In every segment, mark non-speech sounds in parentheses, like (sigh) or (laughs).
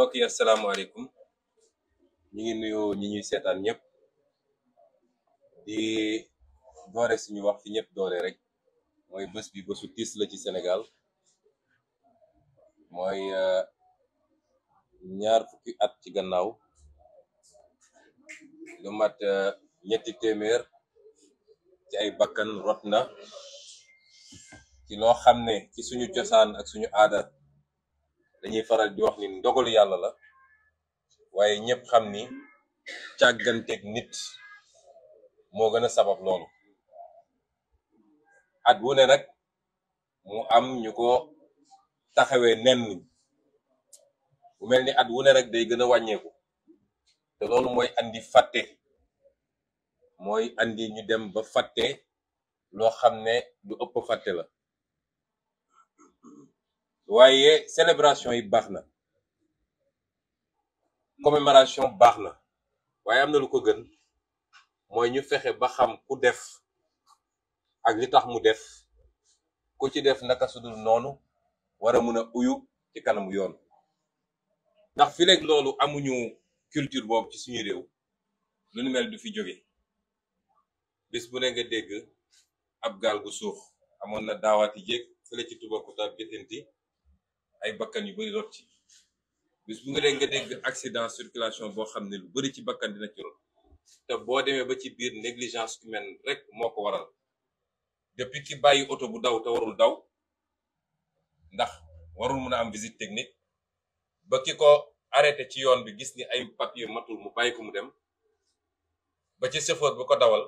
mbokk yi asalaamaaleykum ñu ngi nuyoo ñi ñuy seetaan ñëpp di doore suñu wax fi ñëpp doore rek mooy bés bi bésu tiis la ci Sénégal mooy euh, ñaar fukki at ci gannaaw lu mat euh, ñetti téeméer ci ay bakkan rot na ci loo xam ne ci suñu cosaan ak suñu aada dañuy faral di wax ni ndogalu yàlla la waaye ñëpp xam ni càgganteeg nit moo gën a sabab loolu at wu ne nag mu am ñu ko taxawee nenn bu mel ni at wu ne rek day gën a wàññeeku te loolu mooy andi fàtte mooy andi ñu dem ba fàtte loo xam ne lu ëpp fàtte la waaye célébration yi baax na commémoration baax na waaye am na lu ko gën mooy ñu fexe ba xam ku def ak li tax mu def ku ci def naka sudul noonu war a mun a uyu ci kanamu yoon ndax fi léegi loolu amuñu culture boobu ci suñu réew lu nu mel du fi jóge bis bu ne nga dégg ab gaal gu suux amoon na daawaati jéeg fële ci Toubacouta Bitinti ay bakkan yu bëri rot ci bis bu nga dégg nga dégg accident circulation boo xam ne lu bëri ci bakkan dina ci rot te boo demee ba ci biir négligence humaine rek moo ko waral depuis ki bàyyi oto bu daw te warul daw ndax warul mun a am visite technique ba ki ko arrêté ci yoon bi gis ni ay papier matul mu bàyyi ko mu dem ba ci chauffeur bu ko dawal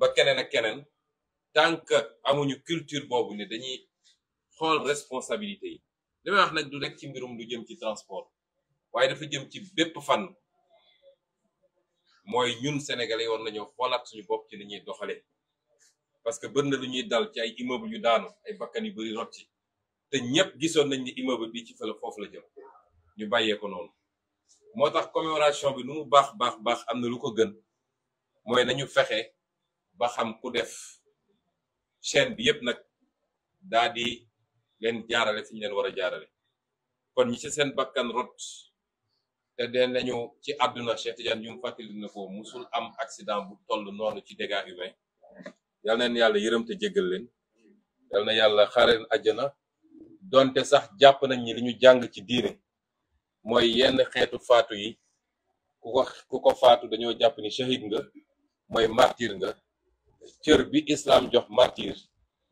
ba keneen ak keneen tant que amuñu culture boobu ni dañuy xool responsabilité yi li may wax nag du rek ci mbirum lu jëm ci transport waaye dafa jëm ci bépp fànn mooy ñun sénégalais war nañoo xoolaat suñu bopp ci ni ñuy doxale parce que bëri na lu ñuy dal ci ay immeuble yu daanu ay bakkan yu bëri rot ci te ñëpp gisoon nañ ni immeuble bi ci fële foofu la jëm ñu bàyyee ko noonu moo tax commémoration bi nu mu baax baax baax am na lu ko gën mooy nañu fexe ba xam ku def chaîne bi yëpp nag daa di leen jaarale fi ñu leen war a jaarale kon ñi ci seen bakkan rot te dee nañu ci àdduna Cheikh Tidiane ñu fàttali na ko musul am accident bu toll noonu ci dégâts humains yal na yàlla yërëm te jéggal leen yal na yàlla xareen àjjana donte sax jàpp nañ ñi li ñu jàng ci diine mooy yenn xeetu faatu yi ku ko faatu dañoo jàpp ni shahid nga mooy martyr nga cër bi islam jox martyr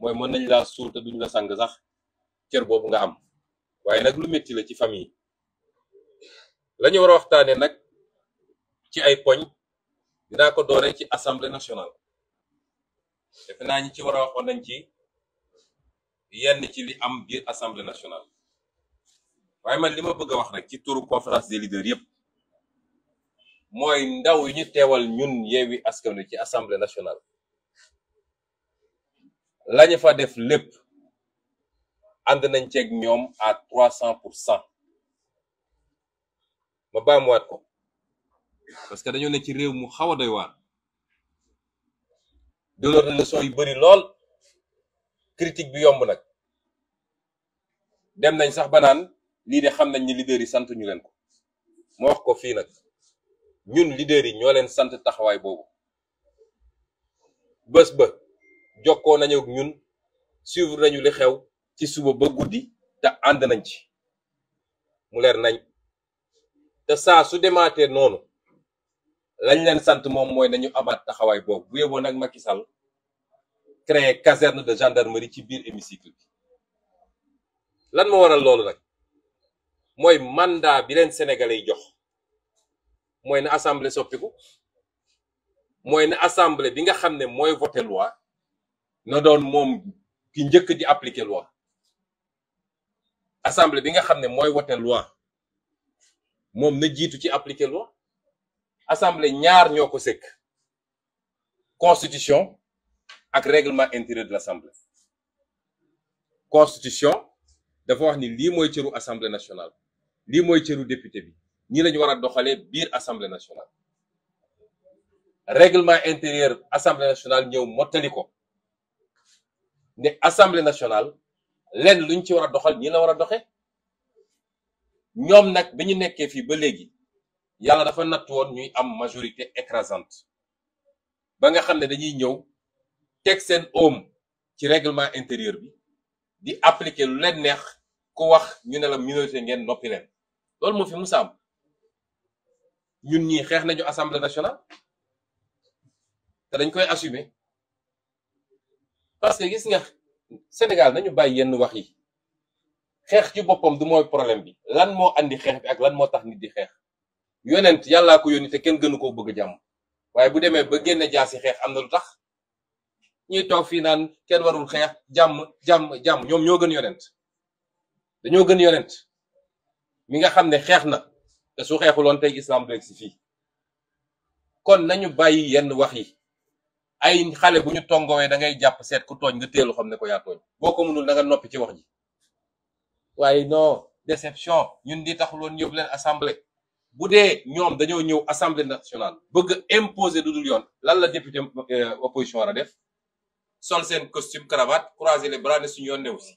mooy mën nañ laa suul te duñ la sang sax cër boobu nga am waaye nag lu métti la ci famille la ñu war a waxtaanee nag ci ay poñ dinaa ko doore ci assemblée nationale defe naa ñi ci war a waxoon nañ ci yenn ci li am biir assemblée nationale waaye man li ma bëgg a wax rek ci turu conférence des leaders yëpp mooy ndaw yi ñu teewal ñun Yewwi Askan Wi ci assemblée nationale lañu fa def lépp. ànd nañ ceeg ñoom à trois cent pour cent ma baamuwaat ko parce que dañoo ne ci réew mu xaw a doy waar delloo na leçon yu bari lool critique bi yomb nag dem nañ sax ba naan lii de xam nañ ni leader yi sant ñu leen ko ma wax ko fii nag ñun leader yi ñoo leen sant taxawaay boobu bës ba jokkoo nañu ak ñun suivre nañu li xew ci suba ba guddi te ànd nañ ci mu leer nañ te saa su demaatee noonu lañ leen sant moom mooy nañu amaat taxawaay boobu bu yeboo nag Macky Sall créé caserne de gendarmerie ci biir hémicycle bi lan moo waral loolu nag mooy mandat bi leen sénégalais yi jox mooy na assemblée soppiku mooy na assemblée bi nga xam ne mooy voté loi na doon moom ki njëkk di appliquer loi assemblée bi nga xam ne mooy wote loi moom na jiitu ci appliquer loi assemblée ñaar ñoo ko sëkk constitution ak réglement intérieur de l'assemblée constitution dafa wax ni lii mooy cëru assemblée nationale lii mooy cëru député bi ñii lañu war a doxalee biir assemblée nationale réglement intérieur assemblée nationale ñëw mottali ko ne assemblée nationale lenn luñ ci war a doxal ñi la war a doxe ñoom nag bi ñu nekkee fii ba léegi yàlla dafa natt woon ñuy am majorité écrasante ba nga xam ne dañuy ñëw teg seen oom ci règlement intérieur bi di appliquer lu leen neex ku wax ñu ne la minorité ngeen noppi leen loolu moo fi musa am ñun ñii xeex nañu assemblée nationale te dañ koy assumé parce que gis nga Sénégal nañu bàyyi yenn wax yi xeex ci boppam du mooy problème bi lan moo indi xeex bi ak lan moo tax nit di xeex yonent yàllaa ko yónni te kenn gënu koo bëgg jàmm waaye bu demee ba génne jaasi xeex am na lu tax ñuy toog fii naan kenn warul xeex jàmm jàmm jàmm ñoom ñoo gën yonent dañoo gën yonent mi nga xam ne xeex na te su xeexuloon tey islam du egg si fi kon nañu bàyyi yenn wax yi ay xale bu ñu tongowee da ngay jàpp seet ku tooñ nga teelu xam ne ko yaa tooñ boo ko mënul da nga noppi ci wax ji waaye non déception ñun di taxul woon yóbbu leen assemblée bu dee ñoom dañoo ñëw assemblée nationale bëgg imposé lu dul yoon lan la député euh, opposition war def sol seen costume cravate croiser les bras ne suñu yoon ne aussi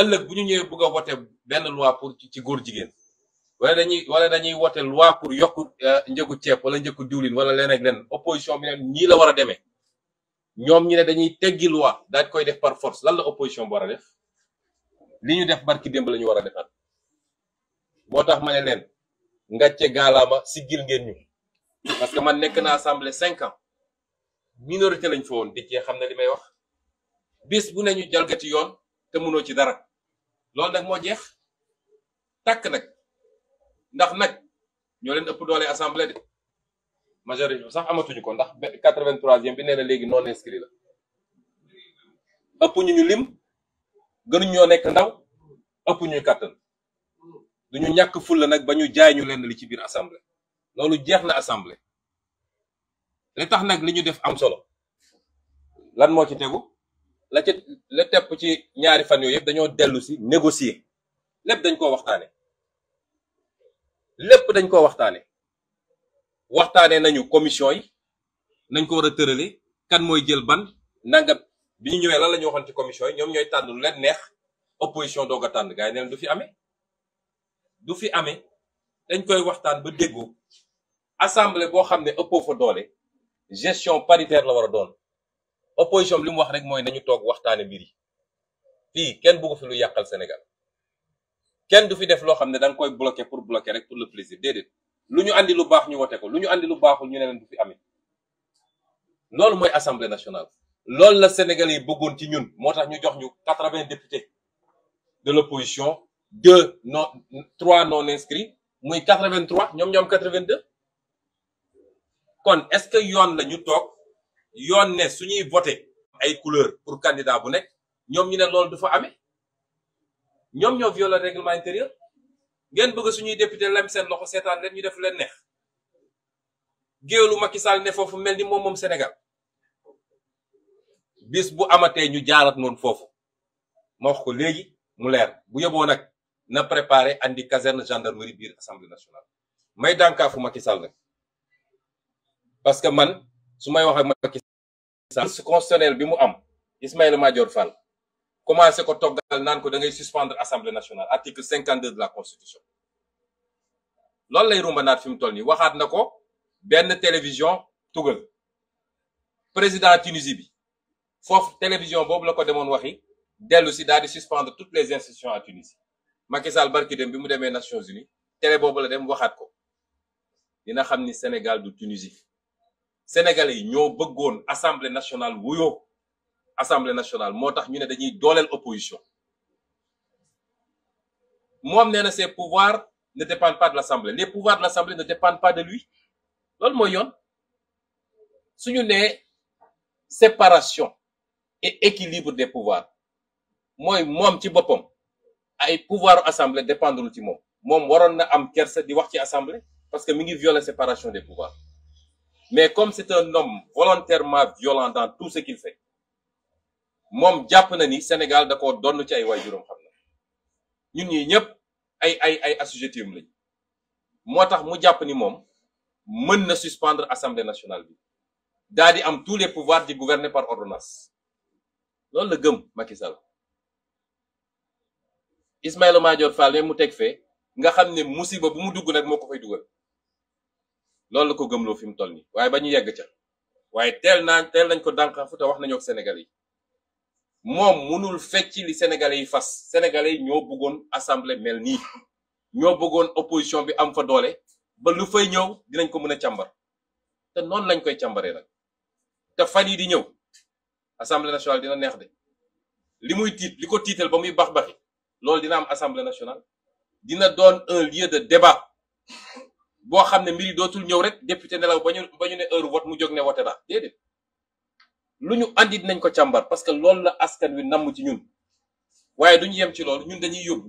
ëllëg bu ñu ñëwee bëgg a voter benn loi pour ci góor jigéen wala dañuy wala dañuy wote loi pour yokk euh, njëgu ceeb wala njëgu diwlin wala leen ak leen opposition bi neen ñii la war a demee ñoom ñu ne dañuy teggi loi daal koy def par force lan la opposition bi war a def li ñu def barki démb la ñu war a defaat moo tax ma ne leen nga ngàcce gaalaama siggil ngeen ñu parce que man nekk na assemblée cinq ans minorité lañ fa woon di cee xam ne li may wax bis bu ne ñu jalgati yoon te mënoo ci dara loolu nag moo jeex takk nag ndax nag ñoo leen ëpp doole assemblée de majorité sax amatuñu ko ndax quatre vingt bi nee na léegi non inscrit la ëpp ñu ñu lim gënuñ nekk ndaw ëpp ñuy kàttan duñu ñàkk fulla nag ba ñu jaay ñu leen li ci biir assemblée loolu jeex na assemblée li tax nag li ñu def am solo lan moo ci tegu la ca la tepp ci ñaari fan yooyu yëpp dañoo dellu si négocier lépp dañ koo waxtaane lépp dañ ko waxtaane waxtaane nañu commission yi nañ ko war a tërale kan mooy jël ban nangam bi ñu ñëwee lan la ñu waxoon ci commission yi ñoom ñooy tànn lu leen neex opposition doog a tànn gars yi du fi ame du fi amee dañ koy waxtaan ba déggoo assemblée boo xam ne ëppoo fa doole gestion paritaire la war a doon opposition bi li mu wax rek mooy nañu toog waxtaane mbir yi fii kenn bëggu fi lu yàqal Sénégal kenn du fi def loo xam ne da nga koy bloquer pour bloquer rek pour le plaisir déedéet lu ñu andi lu baax ñu wote ko lu ñu andi lu baaxul ñu ne leen du fi amee loolu mooy assemblée nationale. loolu la Sénégalais yi ci ñun moo tax ñu jox ñu quatre-vingts députés de l'opposition deux non trois non inscrits muy quatre-vingt-trois ñoom ñoom quatre-vingt-deux kon est-ce que yoon la ñu toog yoon ne suñuy voté ay couleur pour kandidaa bu nekk ñoom ñu ne loolu du amee. ñoom ñoo violé règlement intérieur ngeen bëgg suñuy député lem seen loxo seetaan leen ñu def leen neex géelu Macky Sall ne foofu mel ni moom moom Sénégal bis bu amatee ñu jaarat noonu foofu ma wax ko léegi mu leer bu yeboo nag na préparer indi caserne gendarmerie biir assemblée nationale may dànkaafu Macky Sall nag parce que man su may wax ak Macky Sall constitutionnel bi mu am Ismaïla Madior Fall commencé ko toggal naan ko da ngay suspendre assemblée nationale article cinquante deux de la constitution loolu lay rumbanaat fi mu toll nii waxaat na ko benn télévision tugal président Tunisie bi foofu télévision boobu la ko demoon waxi dellu si daal di suspendre toutes les institutions à Tunisie Macky Sall barki dem bi mu demee Nations Unies télé boobu la dem waxaat ko dina xam ni Sénégal du Tunisie sénégal yi ñoo bëggoon assemblée nationale wuyoo assemblée nationale moo tax ñu ne dañuy dooleel opposition moom nee na ses pouvoirs ne dépendent pas de l'assemblée les pouvoirs de l'assemblée ne dépendent pas de lui loolu mooy yoon suñu nee séparation et équilibre des pouvoirs mooy moom ci boppam ay pouvoir assemblée dépendrul ci moom moom waroon na am kersa di wax ci assemblée parce que mi ngi violer séparation des pouvoirs mais comme c'est un homme volontairement violent dans tout ce qu'il fait moom jàpp na ni Sénégal da koo donn ci ay waajuram xam na ñun ñii ñëpp ay ay ay assujettis lañ moo tax mu jàpp ni moom mën na suspendre assemblée nationale bi daa di am tous les pouvoirs di gouverner par ordonnance loolu la gëm Macky Sall Ismaïla Madior Fall mu teg fee nga xam ne musiba bu mu dugg nag moo ko fay dugal loolu la ko gëmloo fi mu toll nii waaye ba ñu yegg ca waaye teel naa teel nañ ko dànqaafu te wax nañoo ak Sénégal yi. moom mënul fecc li sénégalais yi fas sénégalais yi ñoo bëggoon assemblée mel nii ñoo bëggoon opposition bi am fa doole ba lu fay ñëw dinañ ko mën a càmbar te noonu lañ koy cambaree nag te fan yi di ñëw assemblée nationale dina neex de li muy tiit li ko tiital ba muy bax baxi loolu dina am assemblée nationale dina doon un lieu de débat boo xam ne mbir yi dootul ñëw rek député nelaw ba ñu ba ñu ne heure vote mu jóg ne wote daa lu ñu andi dinañ ko càmbar parce que loolu la askan wi namm ci ñun waaye duñu yem ci loolu ñun dañuy yóbbu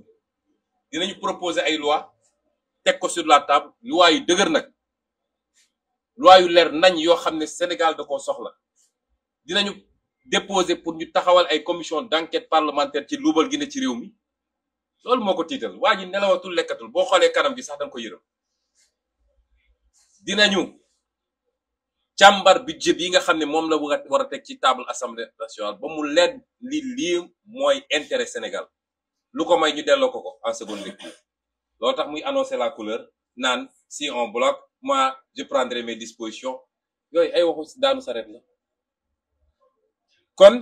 dinañu proposer ay loi teg ko sur la table luwaa yu dëgër nag loi yu leer nañ yoo xam ne Sénégal da koo soxla dinañu déposer pour ñu taxawal ay commission d'enquête parlementaire ci luubal gi ci réew mi loolu moo ko tiital waa ji nelawatul lekkatul boo xoolee kanam bi sax da nga ko yërëm dinañu bi budget yi nga xam ne moom la war a teg ci table assemblée nationale ba mu leer li lii mooy intérêt Sénégal lu ko may ñu delloo ko ko en seconde lecture loolu tax muy annoncer la couleur naan si on bloque moi je prendre mes dispositions yooyu ay waxu daanu saret la kon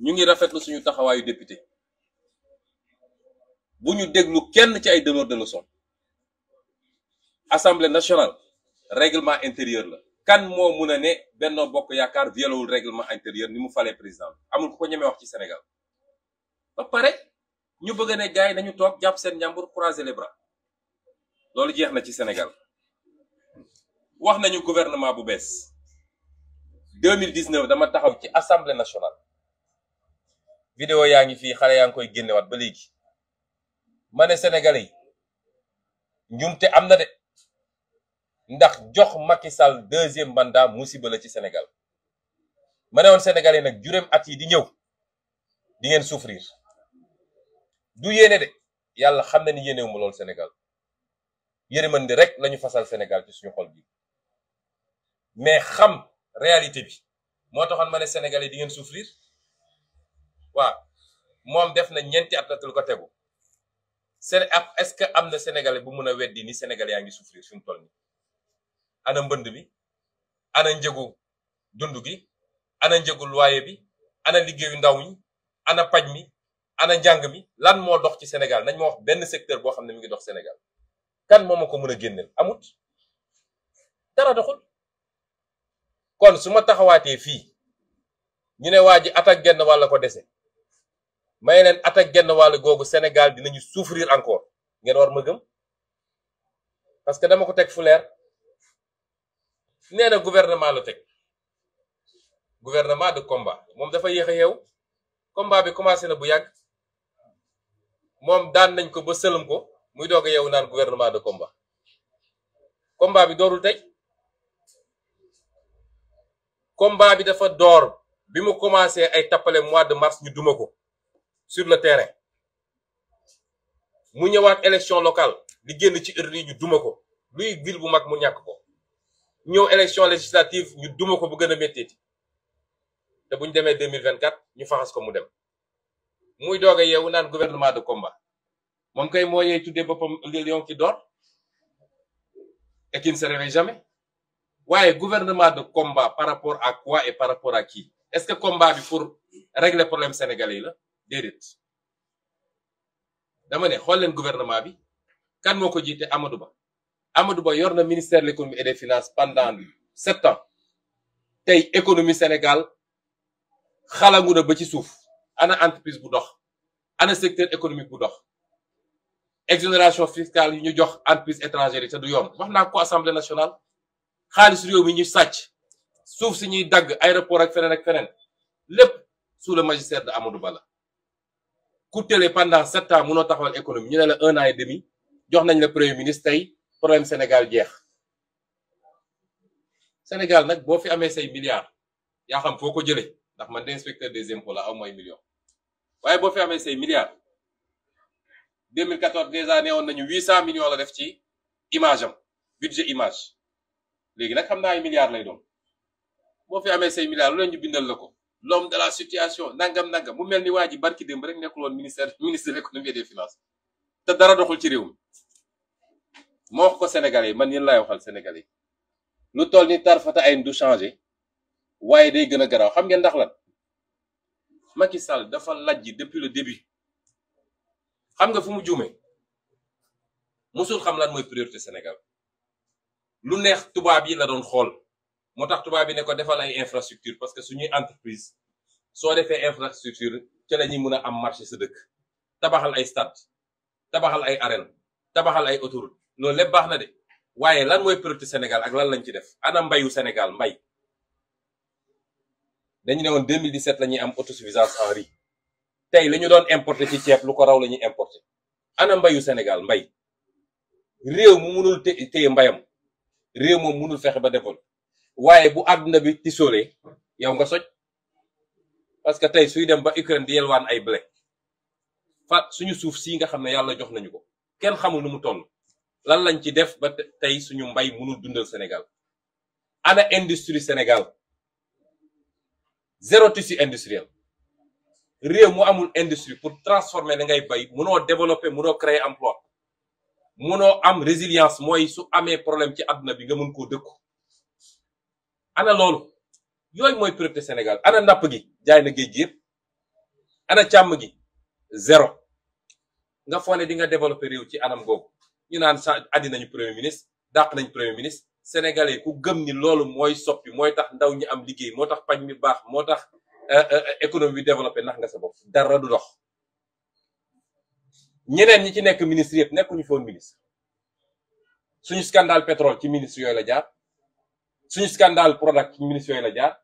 ñu ngi rafetlu suñu taxawaayu député buñu déglu kenn ci ay donneurs de leçons assemblée nationale règlement intérieur la kan moo mun a ne Benno Bokk Yaakaar violewul règlement intérieur ni mu falee président amul ku ko ñemee wax ci Sénégal ba pare ñu bëgg ne gars nañu toog jàpp seen njàmbur croiser les bras loolu jeex na ci Sénégal wax nañu gouvernement bu bees 2019 dama taxaw ci assemblée nationale vidéo yaa ngi fi xale yaa ngi koy génnewaat ba léegi ma ne Sénégalais njumte am na de ndax jox Macky Sall deuxième mandat musiba la ci Sénégal ma ne woon sénégalais nag juróom at yi di ñëw di ngeen souffrir du yéene de yàlla xam na ni yéenewu ma lool mën di rek lañu fasal Sénégal ci suñu xol bi mais xam réalité bi moo taxoon ma ne sénégalais di ngeen souffrir waaw moom def na ñeenti at la ko tegu Séné est-ce que am na sénégalais bu mun a weddi ni sénégalais yaa ngi souffrir suñu mu toll nii. ana mbënd bi ana njëgu dund gi ana njëgu loyer bi ana liggéeyu ndaw mi ana paj mi ana njàng mi lan moo dox ci Sénégal nañ ma wax benn secteur boo xam ne mu ngi dox Sénégal kan moo ma ko mën a génneel amut dara doxul kon su ma taxawaatee fii ñu ne waa ji at genn walla ko dese may leen at ak genn wàll googu Sénégal dinañu souffrir encore ngeen war ma gëm parce que dama ko teg fuleer nee na gouvernement la teg gouvernement de combat moom dafa yéex a yeew combat bi commencé na bu yàgg moom daan nañ ko ba sëlëm ko muy doog a yeewu naan gouvernement de combat combat bi doorul tey combat bi dafa door bi mu commencé ay tappale mois de mars ñu duma ko sur le terrain mu ñëwaat élection locale li génn ci urne yi ñu duma ko luy ville bu mag mu ñàkk ko ñëw élection législative ñu duma ko bu gën a méttiiti te bu ñu vingt 2024 ñu faxas ko mu dem muy doog a yeewu naan gouvernement de combat moom kay moo yee tuddee boppam le lion qui dort et se réveille jamais waaye gouvernement de combat par rapport à quoi et par rapport à qui est-ce que combat bi pour régler problème sénégalais yi la déedéet dama ne xool leen gouvernement bi kan moo ko jiite Amadou Amadou Ba yor na ministère de l'économie et des finances pendant sept ans tey économie Sénégal xalangu ba ci suuf ana entreprise bu dox ana secteur économique bu dox exonération fiscale yi ñu jox entreprise étrangère yi te du yoon wax naa ko assemblée nationale xaalis réew mi ñu sàcc suuf si ñuy dagg aéroport ak feneen ak feneen lépp sous le magistère de Amadou Ba la ku télé pendant sept ans mënoo taxawal économie ñu ne la un an et jox nañ la premier ministre tey problème Sénégal jeex Sénégal nag boo fi amee say milliards yaa xam foo ko jëlee ndax man de inspecteur des impôts la moy mooy million waaye boo fi amee say milliards 2014 déjà neewoon nañu 800 millions la def ci image am budget image léegi nag xam naa ay milliards lay doon boo fi amee say milliards lu leen ñu bindal la ko l'homme de la situation nangam nangam mu mel ni waa ji barki dem rek nekkul woon ministère (laughs) ministre de l'économie et des finances te dara doxul ci réew mi moo wax ko yi man yéen lay waxal sénégalais lu toll ni tarfata ay du changé waaye day gën a garaaw xam ngeen ndax lan Macky Sall laj lajj depuis le début xam nga fu mu juumee mosul xam lan mooy priorité Sénégal lu neex tubaab yi la doon xool moo tax tubaab yi ne ko defal ay infrastructure parce que suñuy entreprise soo defee infrastructure ca la ñuy mën a am marché sa dëkk tabaxal ay stade tabaxal ay arène tabaxal ay autoroute loolu lépp baax na de waaye lan mooy priorité Sénégal ak lan lañ ci def ana mbayu Sénégal mbay dañu ne woon 2017 la ñuy am auto en riz tey li ñu doon importer ci ceeb lu ko raw la ñuy importer ana mbayu Sénégal mbay réew mu mënul téye mbayam réew moom mënul fexe ba defoon waaye bu àdduna bi tisoolee yow nga soj parce que tey suy dem ba Ukraine di yelwaan ay blé fa suñu suuf sii nga xam ne yàlla jox nañu ko kenn xamul nu mu toll. lan lañ ci def ba tey suñu mbay mënul dundal Sénégal ana industrie Sénégal zéro tissu industriel réew mu amul industrie pour transformer da ngay bay mënoo développer mënoo créer emploi mënoo am résilience mooy su amee problème ci àdduna bi nga mën koo dëkku ana loolu yooyu mooy priorité Sénégal ana napp gi jaay na géej gi yëpp ana càmm gi zéro nga foog ne nga développer réew ci anam googu ñu naan sa addi nañu premier ministre dàq nañ premier ministre sénégalais ku gëm ni loolu mooy soppi mooy tax ndaw ñi am liggéey moo tax pañ mi baax moo tax euh, euh, économie bi développé nax nga sa bopp dara du dox ñeneen ñi ci nekk ministre yëpp nekkuñu foon ministre suñu scandale pétrole ci ministre yooyu la jaar suñu scandale Prodac ci ministre yooyu la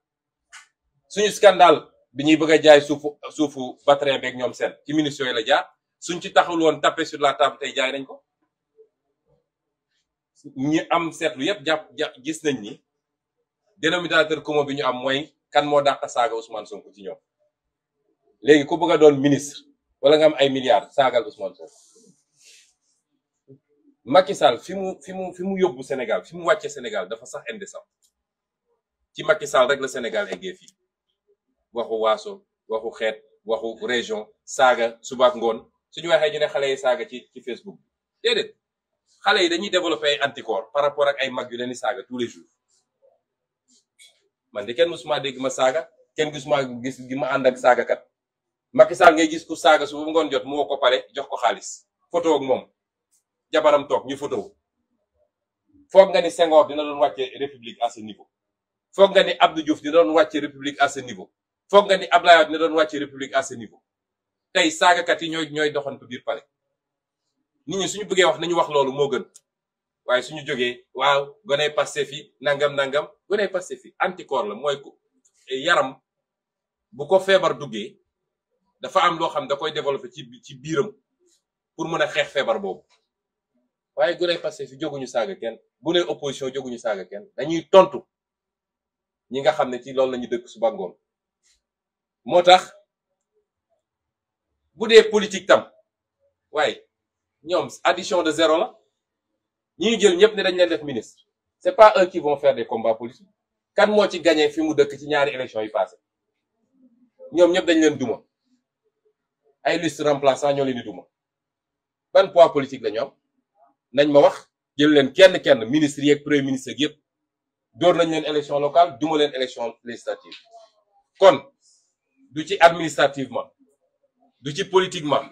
suñu scandale bi ñuy bëgg a jaay suufu suufu Batrin beeg ñoom seen ci ministre yooyu la jaar suñ ci taxul woon tapé sur la table tey jaay nañ ko ñi am seetlu yëpp jàpp gis nañ ni dénominateur commun bi ñu am mooy kan moo dàq saaga Ousmane Sonko ci ñoom léegi ko bëgg doon ministre wala nga am ay milliards saaga Ousmane Sonko Macky Sall fi mu fi mu yóbbu Sénégal fi mu wàcce Sénégal dafa sax indécent ci Macky Sall rek la Sénégal eggee fi waxu waaso waxu xeet waxu région saaga subaak ngoon suñu waxee ñu ne xale yi saaga ci ci Facebook déedéet xale yi dañuy développer ay anticorps par rapport ak ay mag yu leen di saaga tous les jours man de kenn musuma dégg ma saaga kenn gisuma gis gi ma ànd ak saagakat Macky Sall ngay gis ku saaga su bu ngoon jot mu woo ko pale jox ko xaalis photo ak moom jabaram toog ñu photo foog nga ni Senghor dina doon wàcce république à ce niveau foog nga ni Abdou Diouf dina doon wàcce république à ce niveau foog nga ni Ablaye dina doon wàcce république à ce niveau tey yi ñooy ñooy doxantu biir pale nit ñi suñu buggee wax nañu wax loolu moo gën waaye suñu jógee waaw goney Pastef yi nangam nangam goney Pastef yi anticorps la mooy yaram bu ko feebar duggee dafa am loo xam da koy développé ci ci biiram pour mën a xeex feebar boobu waaye goney Pastef fi jóguñu saaga kenn bu guney opposition jóguñu saaga kenn dañuy tontu ñi nga xam ne ci loolu la ñu dëkk suba moo tax bu dee politique tam waaye ñoom addition de zéro la ñiy jël ñëpp ne dañ leen def ministre c'est pas eux qui vont faire des combats politiques kan moo ci gañee fi mu dëkk ci ñaari élection yi passé ñoom ñëpp dañ leen duma ay liste remplaçant ñoo leen di duma ban poids politique la ñu am nañ ma wax jël leen kenn kenn ministre yeeg premier ministre ak yëpp door nañ leen élection locale duma leen élection législative kon du ci administrativement du ci politiquement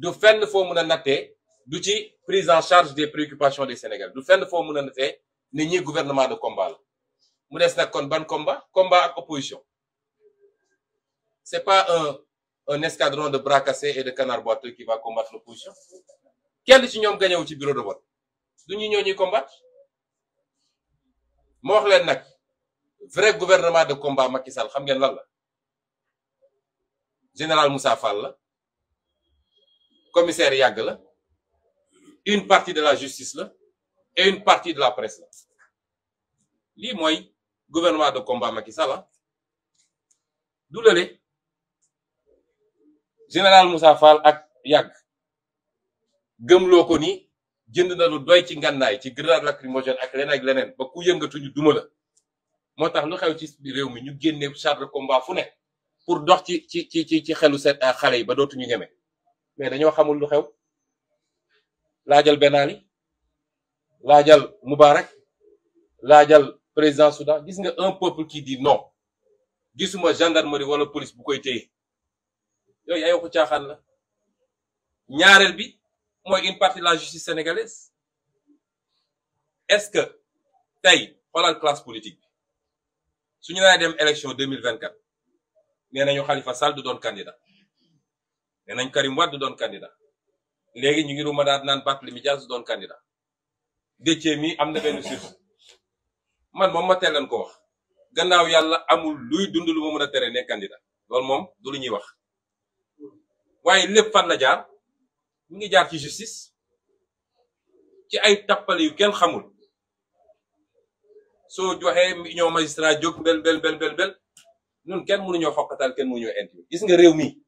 du fenn foo mën a nattee du ci prise en charge des préoccupations des Sénégalais du fenn foo mën a nattee ne ñi gouvernement de combat la mu des nag kon ban combat combat ak opposition c'est pas un un escadron de bras cassés et de canards boiteux qui va combattre l'opposition kenn ci ñoom ñëw ci bureau de vote du ñu ñoo ñuy combattre ma wax leen nag vrai gouvernement de combat Macky Sall xam ngeen lan général Moussa Fall la commissaire yàgg la une partie de la justice la et une partie de la presse la lii mooy gouvernement de combat Macky Sall ah. du lële général Moussa Fall ak yàgg gëmloo ko ni jënd na lu doy ci ngànnaay ci grenade lacrymogène ak leneen ak leneen ba ku yëngatuñu duma la moo tax nu xew ci réew mi ñu génne char de combat fu ne pour dox ci ci ci ci xelu seen ah, xale yi ba dootuñu ñeme. mais dañoo xamul lu xew laajal Ben Ali laajal Moubarak laajal président Soudan gis nga un peuple qui dit non gisuma gendarmerie wala police bu koy téye yooyu ay waxu caaxaan la ñaareel bi mooy une partie de la justice sénégalaise est-ce que tey xoolal classe politique bi su ñu nee dem élection 2024 nee nañu Khalifa Sall du doon candidat. nee nañ Karim Wade doon candidat léegi ñu ngi ruma daat naan Barthélémy Dias doon candidat Déthié mi am na benn suuf man moom ma teel ko wax gannaaw yàlla amul luy dund lu mën a tere ne candidat loolu moom du lu ñuy wax waaye lépp fan la jaar mu ngi jaar ci justice ci ay tappale yu kenn xamul soo joxee ñoo magistrat jóg bel bel bel bel bel ñun kenn munu mënuñoo xokkatal kenn mënuñoo inti gis nga réew mi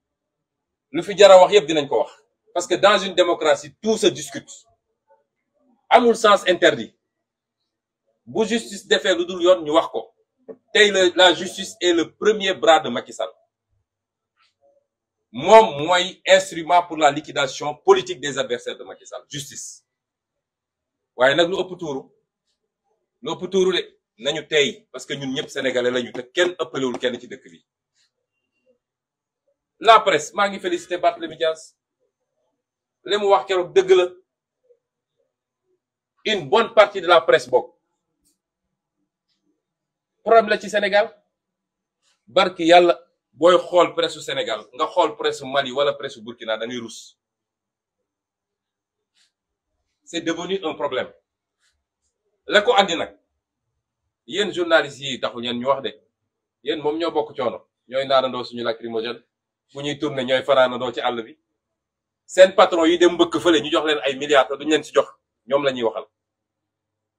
lu fi jara wax yëpp dinañ ko wax parce que dans une démocratie tout se discute amul sens interdit bu justice defee lu dul yoon ñu wax ko tey la la justice est le premier bras de Macky Sall moom mooy instrument pour la liquidation politique des adversaires de Macky Sall justice waaye nag lu ëpp tuuru lu ëpp tuuru de nañu tey parce que ñun ñëpp sénégalais lañu te kenn ëppalewul kenn ci dëkk bi la presse maa ngi félicité Barthélémy Dias li mu wax keroog dëgg la une bonne partie de la presse bokk problème la ci Sénégal barki yàlla booy xool presse su Sénégal nga xool presse Mali wala presse Burkina da ngay rus c'est devenu un problème la ko andi nag yéen journalistes yi taxul ñeen ñu wax de yenn moom ñoo bokk coono ñooy naanandoo suñu lacrymogène bu ñuy tourné ñooy doo ci àll bi seen patron yi dem mbëkk fële ñu jox leen ay milliards te duñ leen ci jox ñoom la ñuy waxal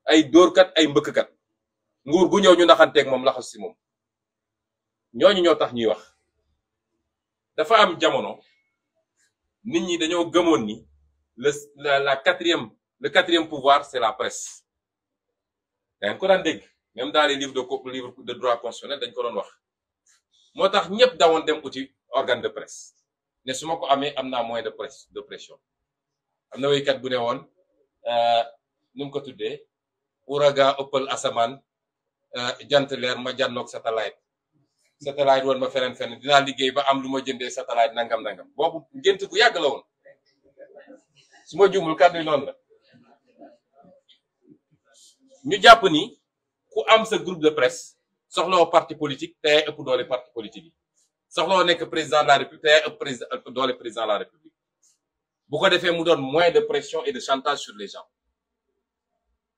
ay dóorkat ay mbëkkkat nguur gu ñëw ñu naxanteeg moom laxas si moom ñooñu ñoo tax ñuy wax dafa am jamono nit ñi dañoo gëmoon ni le la la quatrième le quatrième pouvoir c'est la presse dañ ko daan dégg même dans les livres de livre de droit constitutionnel dañ ko doon wax moo tax ñëpp dawoon dem uti organe de presse ne su ma ko amee am naa moyen de presse de pression am na waykat bu ne woon euh, nu ko tuddee ouragan ëppal asamaan euh, jant leer ma jànnoog satellite satellite woon ma feneen feneen dinaa liggéey ba am lu ma jëndee satellite nangam nangam boobu gént bu yàgg la woon su ma juumul kàddu yi noonu la ñu jàpp ni ku am sa groupe de presse soxlawo parti politique te ëpp doole parti politique yi soxloo nekk président de la république da ëpp doole président de la république bu ko defee mu doon moins de pression et de chantage sur les gens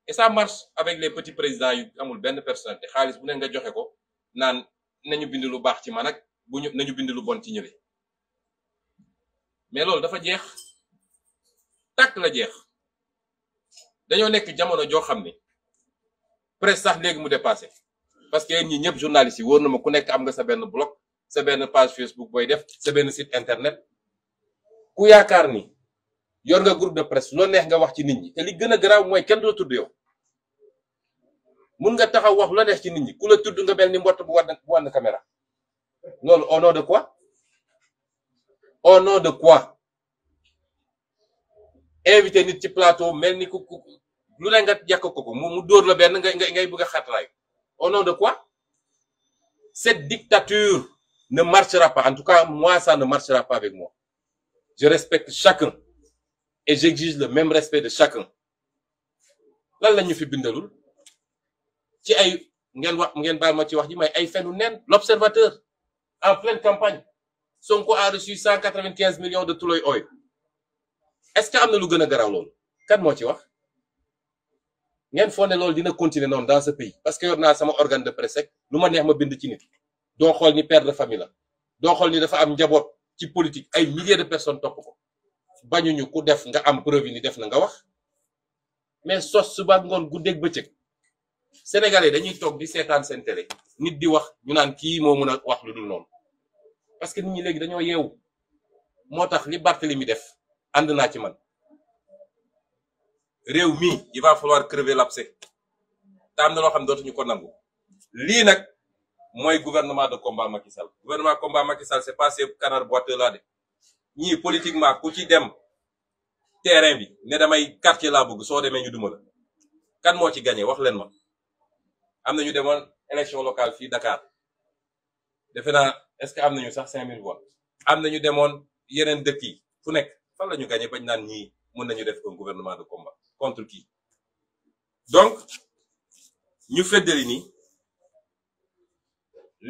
et ça marche avec les petits présidents amul benn personnalité xaalis bu ne nga joxe ko naan nañu bind lu baax ci man ak bu ñu nañu bind lu bon ci ñële mais loolu dafa jeex tàkk la jeex dañoo nekk jamono joo xam ne presse sax léegi mu dépassé parce que yéen ñi ñëpp journalistes yi wóor na ma ku nekk am nga sa benn bloc sa benn page Facebook booy def sa benn sit internet ku yaakaar ni yor nga groupe de presse loo neex nga wax ci nit ñi te li gën a garaaw mooy kenn du la tudd yow mun nga taxaw wax loo neex ci nit ñi ku la tudd nga mel ni mbott bu wan bu wan caméra loolu au nom de quoi au nom de quoi invité nit ci plateau mel ni ku ku lu ne nga jàkk ko ko mu dóor la benn ngay ngay ngay bëgg a xatraay au nom de quoi cette dictature ne marchera pas. En tout cas, moi, ça ne marchera pas avec moi. Je respecte chacun et j'exige le même respect de chacun. lan la ñu fi bindalul ci ay ngeen wax ngeen baal ma ci wax ji may ay fenu nen l'observateur en pleine campagne son a reçu cent quatre-vingt-quinze de tuloy ooy est-ce que am na lu gën a garaaw loolu kan moo ci wax ngeen foog ne loolu dina continuer noonu dans ce pays parce que yor naa sama organe de presse rek lu ma neex ma bind ci nit doo xool ni père de famille la doo xool ni dafa am njaboot ci politique ay milliers de personnes topp ko bañuñu ku def nga am preuve ni def na nga wax mais sos suba ngoon guddeeg bëccëg sénégalais dañuy toog di seetaan seen nit di wax ñu naan kii moo mën a wax lu dul noonu parce que nit ñi léegi dañoo yeewu moo tax li Barthélemy def ànd naa ci man réew mi il va falloir crever l'abcès taam na loo xam dootuñu ko nangu lii nag mooy gouvernement de combat Macky Sall gouvernement combat Macky Sall c'est pas ces canards boiteux là ñii politiquement ku ci dem terrain bi ne damay quartier laa bëgg soo demee ñu duma kan moo ci gagné wax leen ma am na ñu demoon élection locale fii Dakar defe naa est-ce que am nañu sax 5000 voix am na ñu demoon yeneen dëkk yi fu nekk fan la ñu gagné bañ naan ñii mën nañu def un gouvernement de combat contre qui donc ñu feddali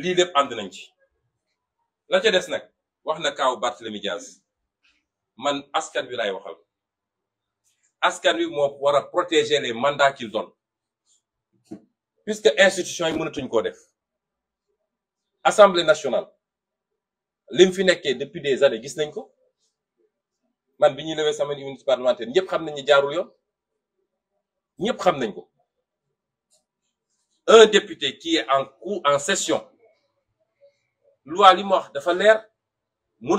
lii lépp ànd nañ ci la ca des nag wax na kaaw Barthélemy Diaz man askan wi laay waxal askan wi moo war a protéger les ki qu'il donne puisque institution yi mënatuñ koo def assemblée nationale lim fi nekkee depuis des années gis nañ ko man bi ñuy lewee sama immunité parlementaire ñëpp xam nañ jaarul yoon ñëpp xam nañ ko un député qui en cours en session loi li mu wax dafa leer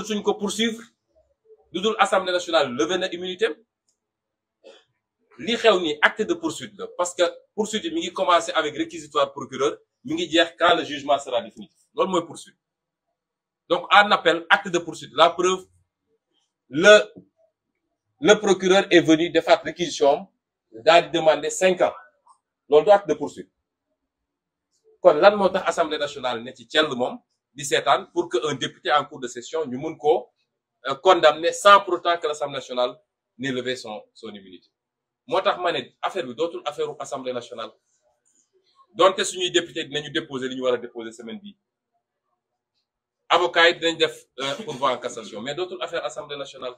suñ ko poursuivre lu dul assemblée nationale levé na immunité li xew ni acte de poursuite la parce que poursuite yi mi ngi commencer avec réquisitoire procureur mi ngi jeex quand le jugement sera définitif loolu mooy poursuite donc en appel acte de poursuite la preuve le le procureur est venu defaat réquisition am daal di demander cinq ans loolu du acte de poursuite kon lan moo tax assemblée nationale ne ci cell moom di seetaan pour que un député en cours de session ñu mun ko euh, condamner sans pour autant que l'Assemblée nationale n'ait levé son son moo tax ma ne affaire bi dootul affaire u Assemblée nationale donte suñuy député ñu déposer li ñu war a déposer semaine bii avocats yi dinañ def euh, pourvoi en cassation mais dootul affaire Assemblée nationale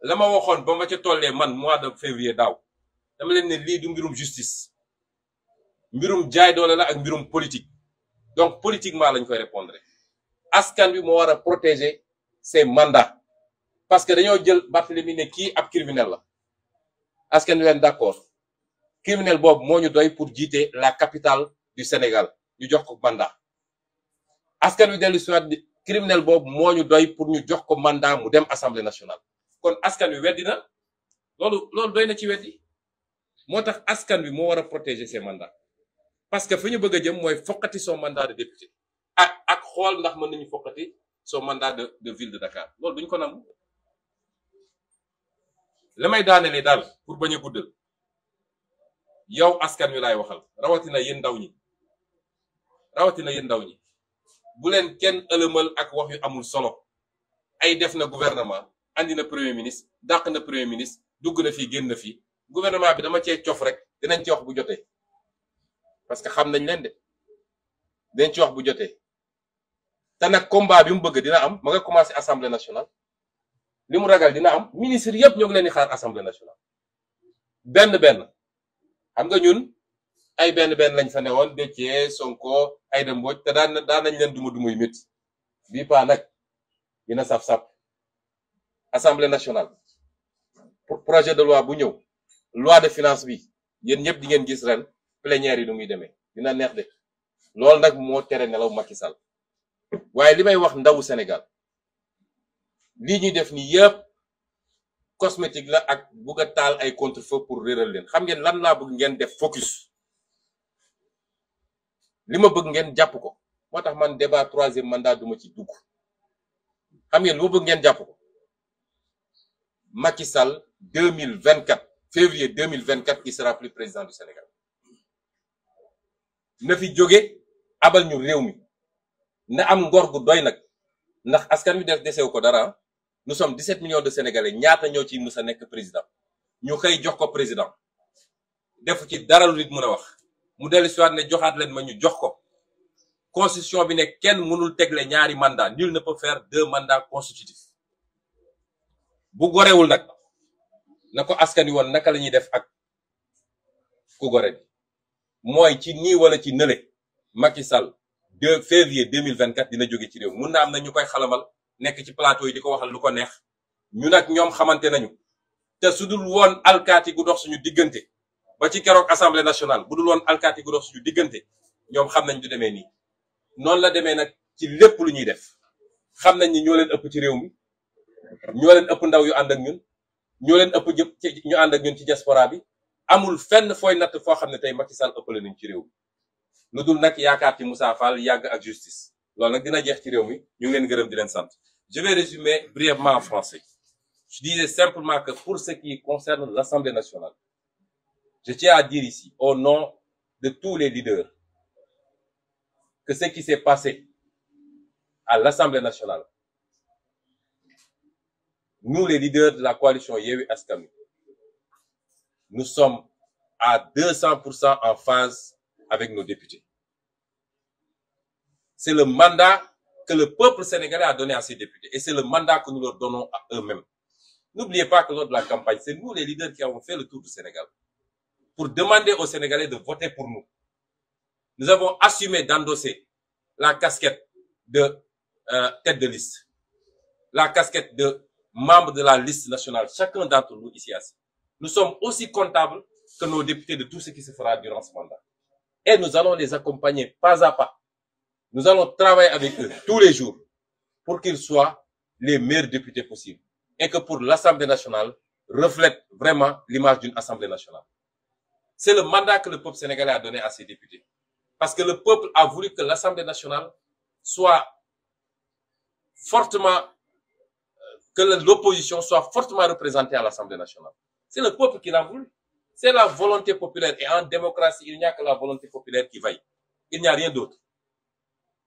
la ma waxoon ba ma ca tollee man mois de février daaw dama leen ne lii du mbirum justice mbirum jaay doole la ak mbirum politique donc politiquement lañ koy répondre askan wi moo war a protéger ses mandats parce que dañoo jël Barthélemy ne kii ab criminel la askan bi leen d'accord criminel boobu moo ñu doy pour jiite la capitale du Sénégal ñu jox ko mandat askan wi dellu siwaat criminel boobu moo ñu doy pour ñu jox ko mandat mu dem assemblée nationale kon askan wi weddi na loolu loolu doy na ci weddi moo tax askan wi moo war a protéger ses mandats parce que fi ñu bëgg a jëm mooy foqati son mandat de député ak ak xool ndax mën nañu fokkati soo mandat de de ville de Dakar loolu duñ ko nangu la may daanelee daal pour bañ a guddal yow askan wi laay waxal rawatina yéen ndaw ñi rawatina yéen ndaw ñi bu leen kenn ëlëmal ak wax yu amul solo ay def na gouvernement andi na premier ministre dàq na premier ministre dugg na fii génn na fii gouvernement bi dama cee cof rek dinañ ci wax bu jotee parce que xam nañ leen de dinañ ci wax bu jotee te nag combat bi mu bëgg dina am ma nga commencé assemblée nationale li mu ragal dina am ministre yëpp ñoo ngi leen di xaar assemblée nationale benn benn xam nga ñun ay benn benn lañ fa ne newoon Déthié Sonko ay Aïda Mbodj te daan daan nañ leen duma dumuy mit bi paa nag dina saf-saf assemblée nationale pour projet de loi bu ñëw loi de finance bi yéen ñëpp di ngeen gis ren plénière yi nu muy demee dina neex de loolu nag moo tere nelaw Macky Sall waaye li may wax ndawu Sénégal lii ñuy def nii yëpp cosmétique la ak bugg a taal ay contre-feu pour réeral leen xam ngeen lan laa bëgg ngeen def focus li ma bëgg ngeen jàpp ko moo tax man débat troisième mandat duma ci dugg xam ngeen li ma bëgg ngeen jàpp ko Macky Sall 2024 février mille vingt sera plus président du Sénégal na fi jóge abal ñu réew mi na am ngor gu doy nag ndax askan wi def desewu ko dara nous sommes 17 millions de sénégalais ñaata ñoo ciy mus a nekk président ñu xëy jox ko président defu ci dara lu nit mën wax mu dellu si ne joxaat leen ma ñu jox ko constitution bi ne kenn mënul tegle ñaari mandat nul ne peut faire de mandats constitutifs bu gorewul nag na ko askan wi woon naka lañuy def ak ku gore bi mooy ci nii wala ci nële Macky Sall 2 février 2024 dina jóge ci réew mun na am na ñu koy xalamal nekk ci plateau yi di ko waxal lu ko neex ñu nag ñoom xamante nañu te su dul woon alkaati gu dox suñu diggante ba ci keroog assemblée nationale bu dul woon alkaati gu dox suñu diggante ñoom xam nañ du demee nii noonu la demee nag ci lépp lu ñuy def xam nañ ni ñoo leen ëpp ci réew mi ñoo leen ëpp ndaw yu ànd ak ñun ñoo leen ëpp jëpp ci ñu ànd ak ñun ci diaspora bi amul fenn fooy natt foo xam ne tey Macky Sall ëppale nañ ci réew lu dul nag yaakaar ci Moussa Fall yàgg ak justice loolu nag dina jeex ci réew mi ñu ngi leen gërëm di leen sant je vais résumer brièvement en français je disais simplement que pour ce qui concerne l'Assemblée nationale je tiens à dire ici au nom de tous les leaders que ce qui s'est passé à l'Assemblée nationale nous les leaders de la coalition Yewwi Askan Wi nous sommes à pour cent en phase avec nos députés c'est le mandat que le peuple sénégalais a donné à ses députés et c'est le mandat que nous leur donnons à eux-mêmes. N'oubliez pas que lors de la campagne, c'est nous les leaders qui avons fait le tour du Sénégal pour demander aux Sénégalais de voter pour nous. Nous avons assumé d'endosser la casquette de euh, tête de liste, la casquette de membre de la liste nationale, chacun d'entre nous ici assis. Nous sommes aussi comptables que nos députés de tout se fera Nous allons travailler avec eux tous les jours pour qu'ils soient les meilleurs députés possibles et que pour l'Assemblée nationale reflète vraiment l'image d'une Assemblée nationale. C'est le mandat que le peuple sénégalais a donné à ses députés. Parce que le peuple a voulu que l'Assemblée nationale soit fortement, que l'opposition soit fortement représentée à l'Assemblée nationale. C'est le peuple qui l'a voulu. C'est la volonté populaire. Et en démocratie, la volonté populaire qui vaille. Il n'y a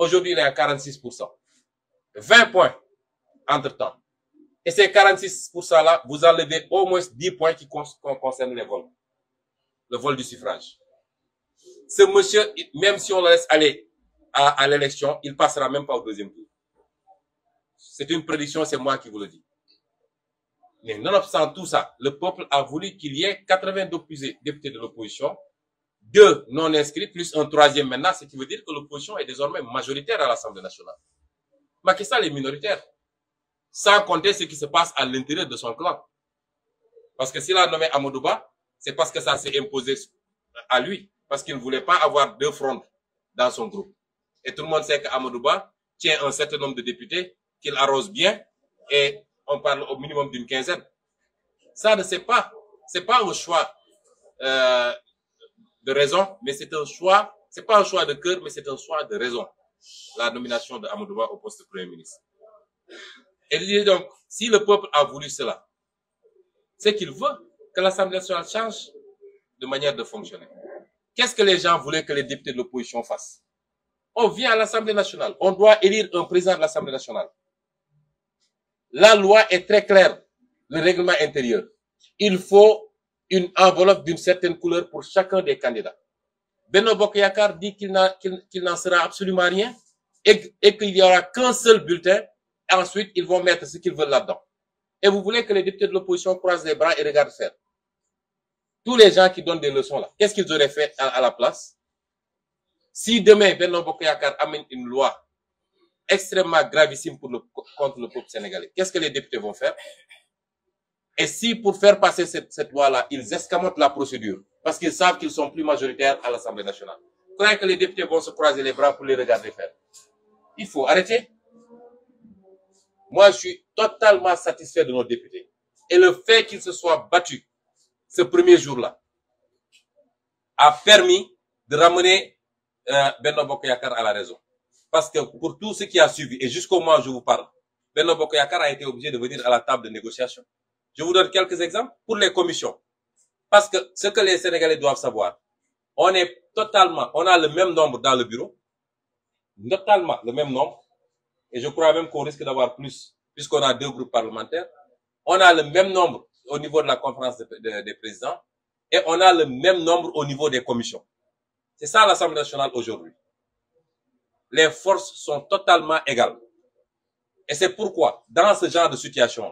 Aujourd'hui, il est à 46%. 20 points entre-temps. Et ces 46%-là, vous enlevez au moins 10 points qui concernent les Le vol du suffrage. même si on le laisse aller même pas au deuxième tour. C'est une prédiction, c'est moi qui le dis. Mais nonobstant tout ça, le peuple deux non inscrits plus un troisième maintenant ce qui veut dire que l'opposition est désormais majoritaire à l'Assemblée nationale Macky Sall est sans compter ce qui se passe à l'intérieur de son clan parce que s'il a nommé Amadou c'est parce que ça s'est imposé à lui parce qu'il ne voulait pas avoir deux fronts dans son groupe et tout le monde sait que Amadou Ba tient un certain nombre de députés qu'il arrose bien et on parle au minimum de raison, mais c'est un choix, c'est pas un choix de cœur, mais c'est un choix de raison. La nomination de Amadouba au poste Premier ministre. Elle donc, si le peuple a voulu cela, c'est qu'il veut que l'Assemblée nationale change de manière de fonctionner. Qu'est-ce que les gens voulaient que les députés de l'opposition fassent? On vient à l'Assemblée nationale, on doit élire un président de l'Assemblée nationale. La loi est très claire, le règlement intérieur. Il faut une enveloppe d'une certaine couleur pour chacun des candidats. Benno Bokayakar dit qu'il n'en qu qu sera absolument rien et, et qu'il n'y aura qu'un seul bulletin. Et ensuite, ils vont mettre ce qu'ils veulent là-dedans. Et vous voulez que les députés de l'opposition croisent les bras et regardent faire. Tous les gens qui donnent des leçons qu'est-ce qu'ils auraient fait à, la place Si demain, Benno Bokayakar amène une loi extrêmement gravissime pour le, contre le peuple sénégalais, qu'est-ce que les Et si pour faire passer cette, cette loi-là, ils escamotent la procédure, parce qu'ils savent qu'ils sont plus majoritaires à l'Assemblée nationale, vous croyez que les députés vont se croiser les bras pour les regarder faire Il faut arrêter. Moi, je suis totalement satisfait de nos députés. Et le fait qu'ils se soient battus ce premier jour-là a permis de ramener euh, Benno Bokoyakar à la raison. Parce que pour tout ce qui a suivi, et jusqu'au moment je vous parle, Benno Bokoyakar a été obligé de venir table de négociation. Je vous donne quelques exemples pour les commissions. Parce que ce que les Sénégalais doivent savoir, on a le même nombre dans le bureau, totalement le même nombre, et je crois même qu'on risque d'avoir plus, puisqu'on a deux groupes parlementaires. On a le même nombre au niveau de la conférence des présidents, et on a le même nombre au niveau des commissions. C'est ça l'Assemblée nationale aujourd'hui. Les forces sont totalement égales. Et c'est pourquoi, dans ce genre de situation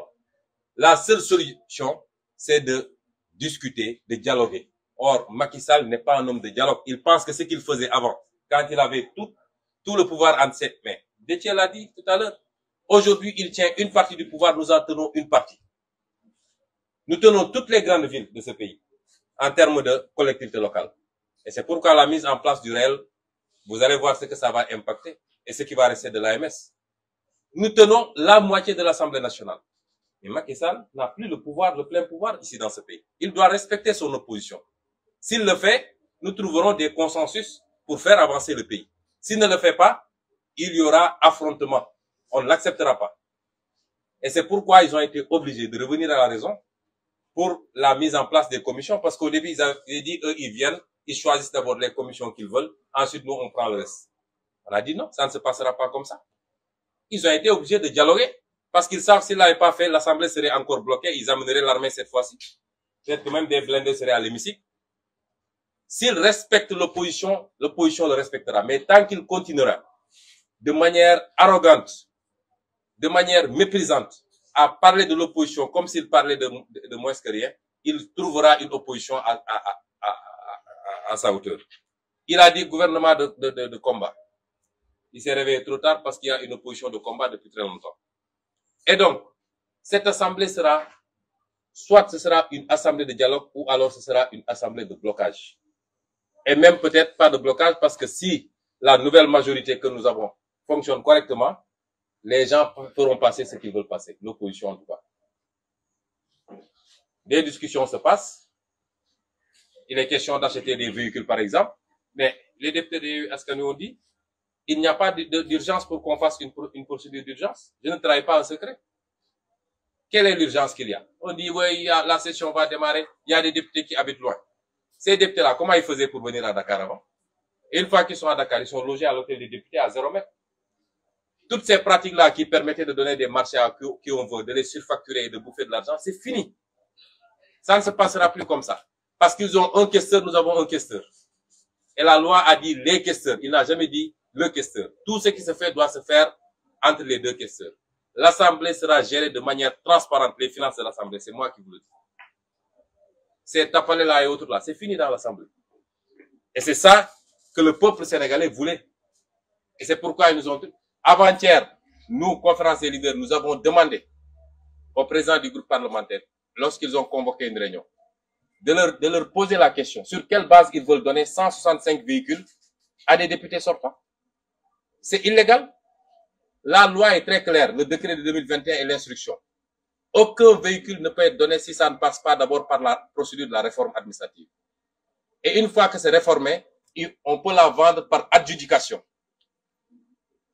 La seule solution, c'est de discuter, de dialoguer. Or, Macky Sall n'est pas un homme de dialogue. Il pense que ce qu'il faisait avant, quand il avait tout, le pouvoir en cette main. Détier l'a dit tout à l'heure. Aujourd'hui, il tient une partie du pouvoir, nous en tenons une partie. Nous tenons toutes les grandes villes de ce pays en termes de collectivité locale. Et c'est pourquoi la mise en place du réel, vous allez voir ce que ça va impacter et ce qui va rester la moitié de l'Assemblée nationale. Mais Macky Sall n'a plus le pouvoir, le plein pouvoir ici dans ce pays. Il doit respecter son opposition. S'il le fait, nous trouverons des consensus pour faire avancer le pays. S'il ne le fait pas, il y aura affrontement. On ne l'acceptera pas. Et c'est pourquoi ils ont été obligés de revenir à la raison pour la mise en place des commissions, parce qu'au début, ils avaient dit, eux, viennent, ils choisissent d'abord les commissions qu'ils veulent, ensuite, nous, on prend le reste. On a dit non, ça ne se passera pas comme ça. Ils Parce qu'ils savent s'ils l'avaient pas fait, l'Assemblée serait encore bloquée, ils amèneraient l'armée cette fois-ci. Peut-être que même des blindés seraient à l'hémicycle. S'ils respectent l'opposition, le respectera. Mais tant qu'il continuera de manière arrogante, de manière méprisante, à parler de l'opposition comme s'il parlait de, de, de, moins que rien, il trouvera une opposition à, sa hauteur. Il a dit gouvernement de, de combat. Il s'est réveillé trop tard parce Et donc, cette assemblée sera, soit ce sera une assemblée de dialogue ou alors ce sera une assemblée de blocage. Et même peut-être pas de blocage parce que si la nouvelle majorité que nous avons fonctionne correctement, les gens feront passer ce qu'ils veulent passer, l'opposition en tout cas. Des discussions se passent. Il est question d'acheter des véhicules, par exemple. Mais les députés de Askan ont dit, il n'y a pas d'urgence pour qu'on fasse une, procédure d'urgence. Je ne travaille pas en secret. Quelle est l'urgence qu'il y a On dit, oui, la session va démarrer, il y a des députés qui habitent loin. Ces députés-là, comment ils faisaient pour venir à Dakar avant Et une qu'ils sont à Dakar, ils sont logés à l'hôtel des députés à 0 mètre. Toutes ces pratiques-là qui permettaient de donner des marchés à qui on veut, de les surfacturer et de bouffer a dit les questeurs. le questeur. Tout ce qui se entre les deux questeurs. L'Assemblée sera gérée de manière transparente, les finances de l'Assemblée. C'est moi qui vous le dis. C'est appelé là ça que le peuple sénégalais voulait. Et c'est pourquoi Avant-hier, nous, conférence des leaders, nous avons demandé au président du groupe parlementaire, lorsqu'ils ont convoqué la question sur quelle base C'est illégal. La loi est très claire, le décret de 2021 et l'instruction. Aucun véhicule ne peut être si ça ne passe pas d'abord par la procédure de la réforme administrative. Et une fois que c'est réformé, on peut la vendre par adjudication.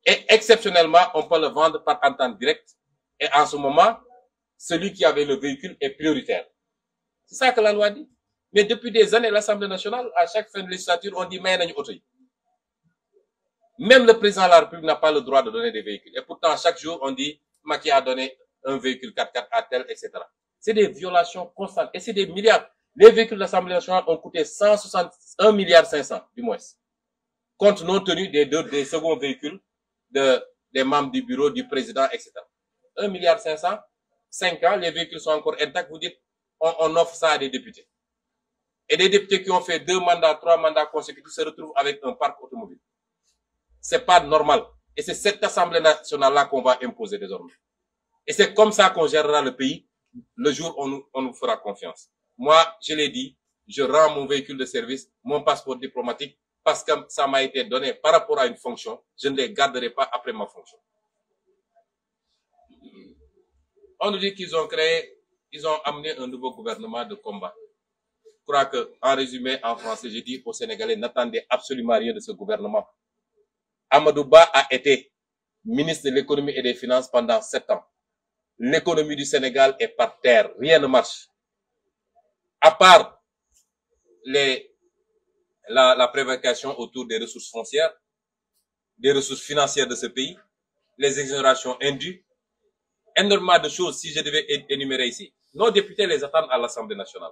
Et exceptionnellement, on peut le vendre par entente directe. Et en ce moment, celui qui avait le véhicule est prioritaire. C'est ça que la loi dit. Mais depuis des années, l'Assemblée nationale, à chaque fin de législature, oto yi Même le président de la République n'a pas le droit de donner des véhicules. Et pourtant, chaque jour, on dit Macky a donné un véhicule 4x4 à tel, etc. C'est des violations constantes et c'est des milliards. Les véhicules de l'Assemblée nationale ont coûté 161 du moins. Compte non tenu des deux, des seconds véhicules de, des membres du bureau, du président, etc. 1 milliard 500, 5 ans, les véhicules sont encore intacts. Vous dites, on, offre ça à des députés. Et des députés qui c'est pas normal. Et c'est cette Assemblée nationale-là qu'on va imposer désormais. Et c'est comme ça qu'on gérera le pays le jour on nous, on nous fera confiance. Moi, je l'ai dit, je rends mon véhicule de service, mon passeport diplomatique, parce que ça m'a été donné par rapport à une fonction. Je ne les garderai pas après ma fonction. On nous dit qu'ils ont créé, ils ont amené un nouveau gouvernement de combat. Je crois que, en résumé, en français, j'ai dit aux Sénégalais, n'attendez Amadou Ba a été ministre de l'économie et des finances pendant sept ans. L'économie du Sénégal est par terre, rien ne marche. À part les, la, la prévarication autour des ressources foncières, des ressources financières de ce pays, les exonérations indues, énormément de choses si je devais énumérer ici. Nos députés les attendent à l'Assemblée nationale.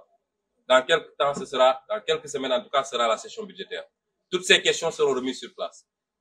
Dans quelques temps, ce sera, dans quelques semaines en tout cas, ce sera la session budgétaire. Toutes ces questions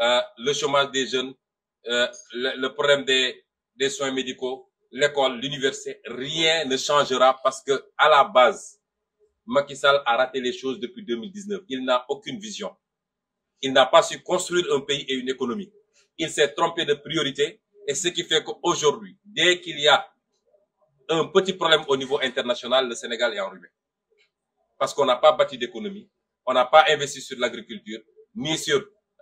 Euh, le chômage des jeunes euh, le, le problème des des soins médicaux l'école l'université rien ne changera parce que à la base Macky Sall a raté les choses depuis 2019 il n'a aucune vision il n'a pas su construire un pays économie il s'est trompé de priorité et ce qui fait qu'aujourd'hui dès qu'il y a un petit problème au niveau international le Sénégal est enrhumé parce qu'on n'a pas bâti d'économie on investi sur l'agriculture ni sur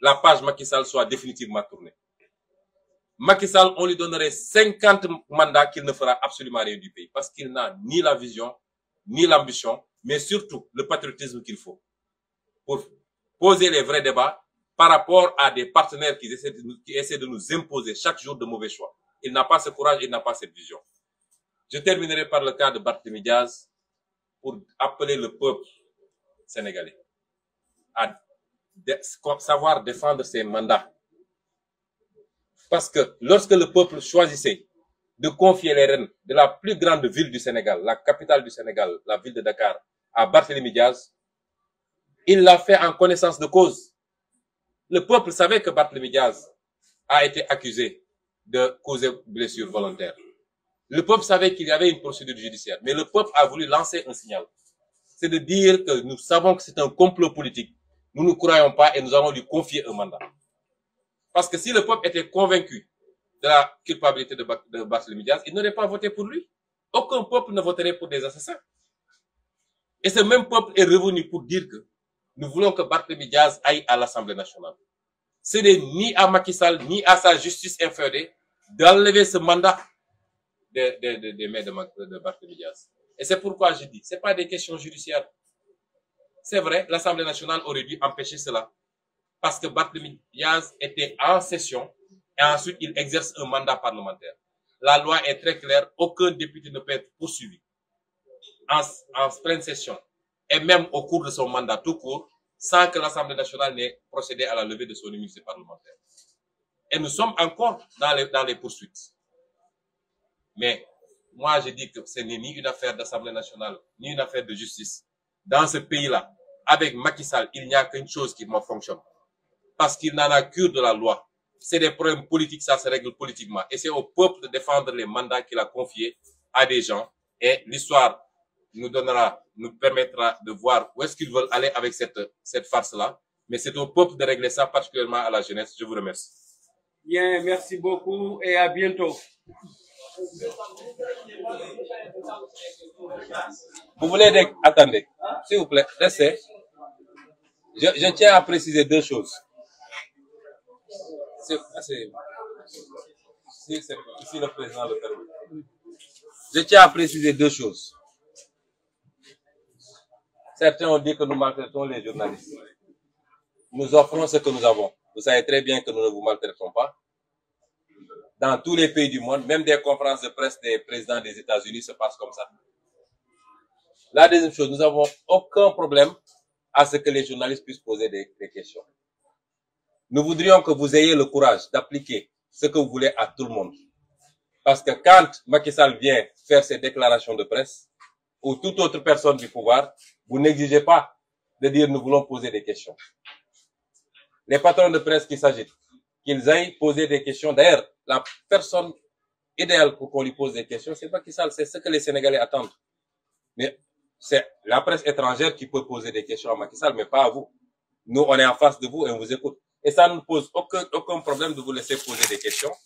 la page Macky Sall soit définitivement tournée. Macky Sall, on lui donnerait 50 mandats qu'il ne fera absolument rien du pays parce qu'il n'a ni la vision, ni l'ambition, mais surtout le patriotisme qu'il faut pour poser les vrais débats par rapport à des partenaires qui essaient de nous, qui essaient de imposer chaque jour de mauvais choix. Il n'a pas ce courage, il n'a pas cette vision. Je terminerai par le cas de Barthélémy pour appeler le peuple sénégalais de savoir défendre ses mandats. Parce que lorsque le peuple choisissait de confier les rênes de la plus grande ville du Sénégal, la capitale du Sénégal, la ville de Dakar, à Barthélémy Diaz, il l'a fait en connaissance de cause. Le peuple savait que Barthélémy Diaz a été accusé de causer blessure volontaire. Le peuple savait qu'il y avait une procédure judiciaire, mais le peuple a voulu lancer un signal. C'est de dire que nous savons que c'est un complot Nous ne croyons pas et nous allons lui confier un mandat. Parce que si le peuple était convaincu de la culpabilité de, ba de Barthélemy Diaz, il n'aurait pas voté pour lui. Aucun peuple ne voterait pour des assassins. Et ce même peuple est revenu pour dire que nous voulons que Barthélemy Diaz aille à l'Assemblée nationale. Ce n'est ni à Macky Sall, ni à sa justice inféodée d'enlever ce mandat des de, de, de, mains de, de Barthélemy Diaz. Et c'est pourquoi je dis, c'est pas des questions C'est vrai, l'Assemblée nationale aurait dû empêcher cela parce que Barthélémy Diaz était en session et ensuite il exerce un mandat parlementaire. La loi est très claire, aucun député ne peut poursuivi en, pleine session et même au cours de son mandat tout court sans que l'Assemblée nationale n'ait procédé à la levée de son immunité parlementaire. Et nous sommes encore dans les, dans les poursuites. Mais moi, je que ce n'est ni une affaire d'Assemblée nationale, ni une de justice. dans ce pays-là, avec Macky Sall, il n'y a qu'une chose qui fonctionne. Parce qu'il n'en a cure de la loi. C'est des problèmes politiques, ça se règle politiquement. Et c'est au peuple de défendre les mandats qu'il a confiés à des gens. Et l'histoire nous donnera, nous permettra de voir où est-ce qu'ils veulent aller avec cette, farce Mais c'est au peuple de régler ça, particulièrement à la jeunesse. Je vous remercie. Bien, merci beaucoup et à bientôt. Vous voulez des... Attendez, s'il vous plaît, restez. Je, tiens à préciser deux choses. Ah, si, si, si le président le permet. Je tiens à préciser deux choses. Certains ont dit que nous maltraitons les journalistes. Nous offrons ce que nous avons. Vous savez très bien que nous ne vous maltraitons pas. dans tous les pays du monde, même des conférences de presse des États-Unis se passent comme ça. La deuxième chose, nous n'avons aucun problème à ce que les journalistes puissent poser des, des questions. Nous voudrions que vous ayez le courage d'appliquer ce que vous voulez à tout le monde. Parce que quand Macky Sall vient faire ses déclarations de presse, ou toute autre personne du pouvoir, vous n'exigez pas de dire nous voulons poser des questions. Les patrons la personne idéale pour qu'on lui pose des questions, c'est Macky Sall, c'est ce que les Sénégalais attendent. Mais c'est la presse étrangère qui peut poser des questions à Macky Sall, mais pas à vous. Nous, on est en face de vous et on écoute. Et ça ne pose aucun problème de vous laisser poser des questions.